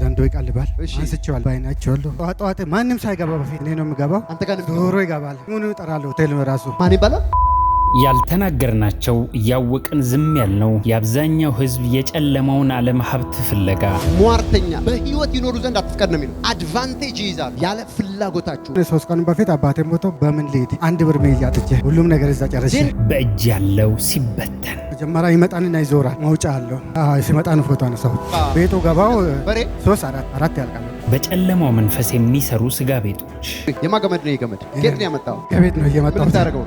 ዘንዶ ይቃል ባል ባይናቸዋለሁ ጠዋት ጠዋት ማንም ሳይገባ በፊት እኔ ነው የምገባው። አንተ ጋር ዶሮ ይገባል። ሆቴል ራሱ ማን ይባላል? ያልተናገርናቸው እያወቅን ዝም ያልነው የአብዛኛው ሕዝብ የጨለመውን ዓለም ሀብት ፍለጋ ሟርተኛ በህይወት ይኖሩ ዘንድ አትፍቀድ ነው የሚለው። አድቫንቴጅ ይይዛሉ ያለ ፍላጎታችሁ። ሶስት ቀን በፊት አባቴ ሞቶ በምን ልሂድ አንድ ብር መያጥቼ ሁሉም ነገር እዛ ጨረሰ። በእጅ ያለው ሲበተን መጀመሪያ ይመጣንና ይዞራል። መውጫ አለው። ሲመጣ ነው ፎቶ አነሳው። ቤቱ ገባው ሶስት አራት አራት ያልቃል። በጨለማው መንፈስ የሚሰሩ ስጋ ቤቶች የማገመድ ነው የገመድ ጌት ነው ያመጣው ከቤት ነው እየመጣው ታደረገው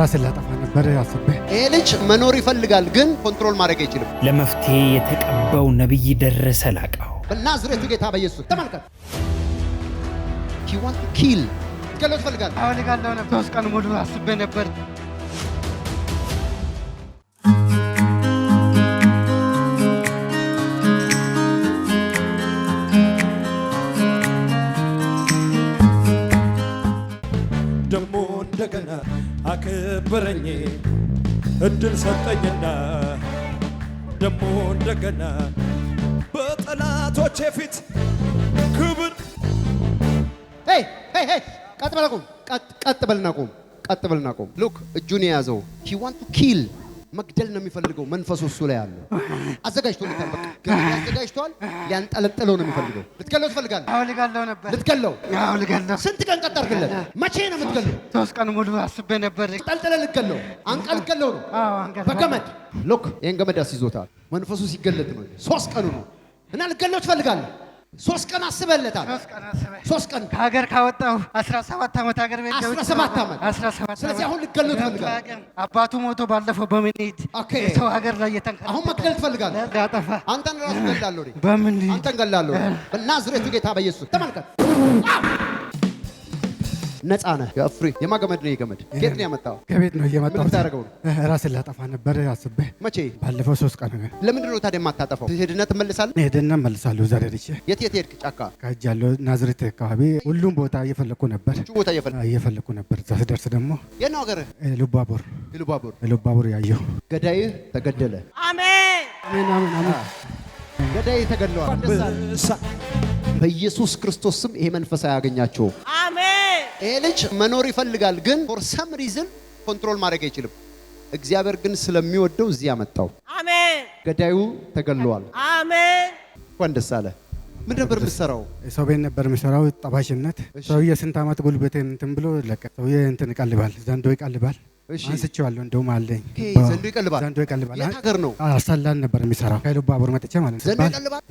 ራስን ላጠፋ ነበር አስቤ። ይሄ ልጅ መኖር ይፈልጋል፣ ግን ኮንትሮል ማድረግ አይችልም። ለመፍትሄ የተቀባው ነቢይ ደረሰ ላቀው በናዝሬቱ ጌታ በኢየሱስ ተመልከት። ኪል ገሎ ትፈልጋል አሁን ጋር ለሆነ ሶስት ቀን ሙሉ አስቤ ነበር አከበረኝ እድል ሰጠኝና ደሞ እንደገና በጠላቶቼ ፊት ክብር ቀጥ በልና ቁም ቀጥ በልና ቁም ሉክ እጁን የያዘው ሂ ዋንት ቱ ኪል መግደል ነው የሚፈልገው። መንፈሱ እሱ ላይ አለ። አዘጋጅቶለታል። በቃ ግን አዘጋጅቷል። ሊያንጠለጥለው ነው የሚፈልገው። ልትገለው ትፈልጋለህ? አዎ ልትገለው? ስንት ቀን ቀጠርክለት? መቼ ነው የምትገለው? ሶስት ቀን ሙሉ አስቤ ነበር። ጠልጥለህ ልትገለው? አንቀልቀለው ነው? በገመድ ሎክ። ይሄን ገመድ አስይዞታል። መንፈሱ ሲገለጥ ነው። ሶስት ቀኑ ነው እና ልትገለው ትፈልጋለህ? ሶስት ቀን አስበለታል። ሶስት ቀን ከሀገር ካወጣሁ 17 ዓመት ሀገር ቤት 17 ዓመት 17 ስለዚህ አሁን ልገለው አባቱ ሞቶ ባለፈው በምንሄድ የሰው ሀገር ላይ የተንከራ አሁን መግደል ትፈልጋለህ። ዳጠፋ አንተን ራሱ ገላለሁ። በምን አንተን ገላለሁ። በናዝሬቱ ጌታ በኢየሱስ ተመልከት ነፃ ነህ። ፍሪ የማገመድ ነው የገመድ ጌት ነው ያመጣው ከቤት ነው እየመጣው ታደረገው ራስን ላጠፋ ነበር አስቤ መቼ ባለፈው ሶስት ቀን ነው። ለምንድን ነው ታዲያ የማታጠፋው? ሄድና ትመልሳለህ? ሄድና እመልሳለሁ። ዛሬ ልጅ የት የት ሄድክ? ጫካ ከጃለሁ ናዝሬት አካባቢ ሁሉም ቦታ እየፈለኩ ነበር፣ ቦታ እየፈለኩ ነበር። እዛ ስደርስ ደግሞ የናው ሀገር ልባቡር ልባቡር ልባቡር ያየው ገዳይ ተገደለ። አሜን አሜን አሜን። ገዳይ ተገድለዋል። በኢየሱስ ክርስቶስ ስም ይሄ መንፈሳ ያገኛቸው አሜን ይሄ ልጅ መኖር ይፈልጋል፣ ግን ፎር ሰም ሪዝን ኮንትሮል ማድረግ አይችልም። እግዚአብሔር ግን ስለሚወደው እዚህ ያመጣው። አሜን። ገዳዩ ተገልሏል። አሜን። እንኳን ደስ አለ። ምን ነበር የምትሰራው? ሰው ቤት ነበር የምሰራው፣ ጠባሽነት። ሰውዬ ስንት ዓመት ጉልበቴን እንትን ብሎ ለቀ። ሰውዬ እንትን ይቀልባል፣ ዘንዶ ይቀልባል አንስቼዋለሁ። እንደውም አለኝ ዘንዶ ይቀልባል። ዘንዶ ይቀልባል። የት ሀገር ነው? አስታላን ነበር የሚሰራው ባቡር መጥቼ ማለት ነው።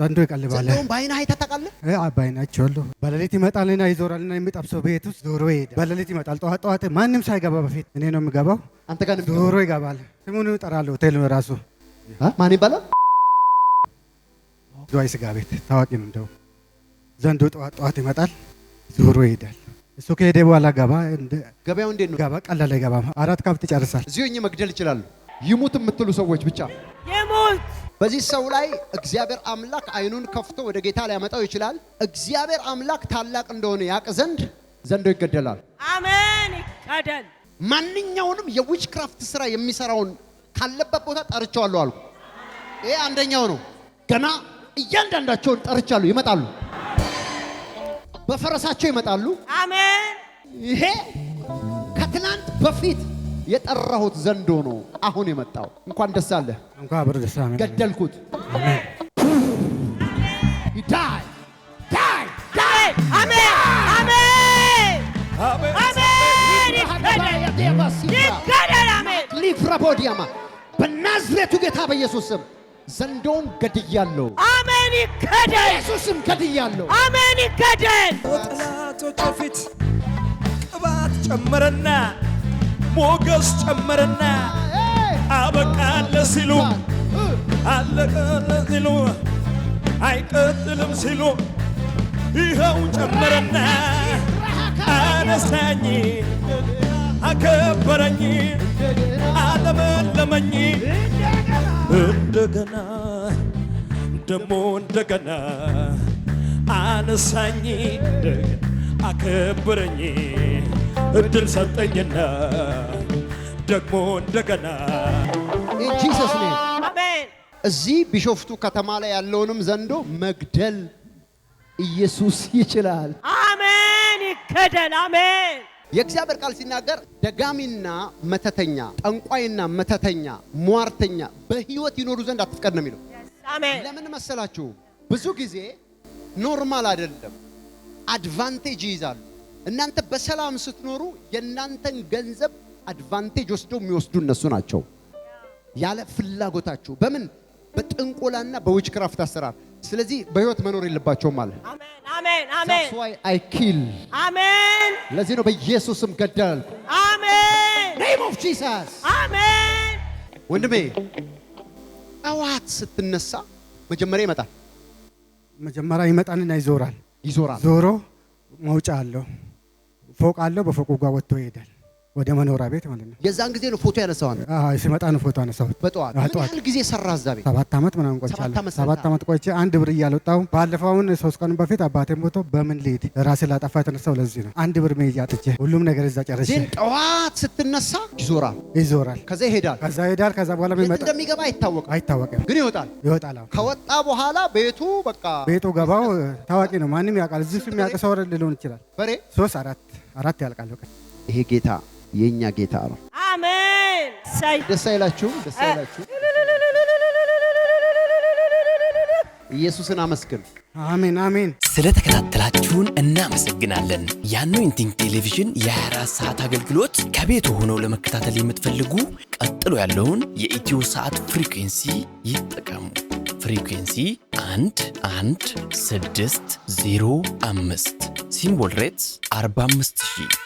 ዘንዶ ይቀልባል። ዘንዶውን በዓይንህ አይተህ ታውቃለህ? በዓይኔ አይቼዋለሁ። በሌሊት ይመጣልና ይዞራልና የሚጠብሰው ቤት ውስጥ ዞሮ ይሄዳል። በሌሊት ይመጣል። ጠዋት ጠዋት ማንም ሳይገባ በፊት እኔ ነው የምገባው። አንተ ጋር ነው ዞሮ ይገባል። ስሙን እጠራለሁ። ሆቴል ነው ራሱ ማን ይባላል? ድዋይ ስጋ ቤት ታዋቂ ነው። እንደው ዘንዶ ጠዋት ጠዋት ይመጣል፣ ዞሮ ይሄዳል። እሱ ከሄደ በኋላ ገባ። ገበያው እንዴት ነው? ገባ ቀላል ገባ። አራት ካብት ይጨርሳል። እዚሁ እኚህ መግደል ይችላሉ። ይሙት የምትሉ ሰዎች ብቻ ይሙት። በዚህ ሰው ላይ እግዚአብሔር አምላክ አይኑን ከፍቶ ወደ ጌታ ሊያመጣው ይችላል። እግዚአብሔር አምላክ ታላቅ እንደሆነ ያቅ ዘንድ ዘንዶ ይገደላል። አሜን። ይገደል። ማንኛውንም የዊች ክራፍት ስራ የሚሰራውን ካለበት ቦታ ጠርቸዋለሁ አልኩ። ይሄ አንደኛው ነው። ገና እያንዳንዳቸውን ጠርቻለሁ፣ ይመጣሉ በፈረሳቸው ይመጣሉ። አሜን። ይሄ ከትናንት በፊት የጠራሁት ዘንዶ ነው አሁን የመጣው። እንኳን ደስ አለ። ገደልኩት። ሊፍረቦዲያማ በናዝሬቱ ጌታ በኢየሱስ ስም ዘንዶን ገድያለሁ። አሜን ይከደን። ኢየሱስም ገድያለሁ። አሜን ይከደን። በጠላቶች ፊት ቅባት ጨመረና ሞገስ ጨመረና አበቃለ ሲሉ አለቀለ ሲሉ አይቀጥልም ሲሉ ይኸው ጨመረና አነሳኝ አከበረኝ፣ አለመለመኝ፣ እንደገና ደሞ እንደገና አነሳኝ፣ አከበረኝ፣ እድል ሰጠኝና ደግሞ እንደገና ኢንጂሰስ ኔ እዚህ ቢሾፍቱ ከተማ ላይ ያለውንም ዘንዶ መግደል ኢየሱስ ይችላል። አሜን። ይከደል። አሜን። የእግዚአብሔር ቃል ሲናገር ደጋሚና መተተኛ፣ ጠንቋይና መተተኛ፣ ሟርተኛ በህይወት ይኖሩ ዘንድ አትፍቀድ ነው የሚለው። ለምን መሰላችሁ? ብዙ ጊዜ ኖርማል አይደለም፣ አድቫንቴጅ ይይዛሉ። እናንተ በሰላም ስትኖሩ የእናንተን ገንዘብ አድቫንቴጅ ወስደው የሚወስዱ እነሱ ናቸው። ያለ ፍላጎታችሁ በምን በጥንቆላና በዊችክራፍት አሰራር። ስለዚህ በህይወት መኖር የለባቸውም አለ። That's why I kill. አሜን። ለዚህ ነው በኢየሱስም ገደል። አሜን። ኔም ኦፍ ጂሰስ አሜን። ወንድሜ ጠዋት ስትነሳ መጀመሪያ ይመጣል። መጀመሪያ ይመጣልና ይዞራል። ይዞራል። ዞሮ መውጫ አለው። ፎቅ አለው። በፎቁ ጋር ወጥቶ ይሄዳል። ወደ መኖሪያ ቤት ማለት ነው። የዛን ጊዜ ነው ፎቶ ያነሳው አንተ? አዎ ሲመጣ ነው ፎቶ ያነሳው በጠዋት። ምን ያህል ጊዜ ሰራ እዛ ቤት? ሰባት ዓመት ምናምን ቆይቻለሁ። ሰባት ዓመት ቆይቼ አንድ ብር እያልወጣሁ ባለፈውን ሶስት ቀን በፊት አባቴን ሞቶ በምን ልሂድ ራሴ ላጠፋ የተነሳው ለዚህ ነው። አንድ ብር መሄጃ አጥቼ ሁሉም ነገር እዛ ጨረሼ። ግን ጠዋት ስትነሳ ይዞራል ይዞራል፣ ከዛ ይሄዳል፣ ከዛ ይሄዳል፣ ከዛ በኋላ የሚመጣ እንደሚገባ አይታወቅም አይታወቅም፣ ግን ይወጣል ይወጣል። ከወጣ በኋላ ቤቱ በቃ ቤቱ ገባው ታዋቂ ነው፣ ማንም ያውቃል። እዚህ የሚያውቅ ሰው ሊሆን ይችላል። በሬ ሶስት አራት አራት ያልቃል። ይሄ ጌታ የእኛ ጌታ ነው። አሜን። ደስ አይላችሁም? ደስ ኢየሱስን አመስግን። አሜን አሜን። ስለ እናመሰግናለን። የአኖይንቲንግ ቴሌቪዥን የ24 ሰዓት አገልግሎት ከቤት ሆነው ለመከታተል የምትፈልጉ ቀጥሎ ያለውን የኢትዮ ሰዓት ፍሪኩንሲ ይጠቀሙ። ፍሪኩንሲ 1 1 6 0 5 ሲምቦል ሬትስ 45000